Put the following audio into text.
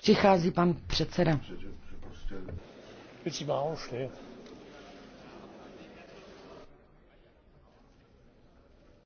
Přichází pan předseda.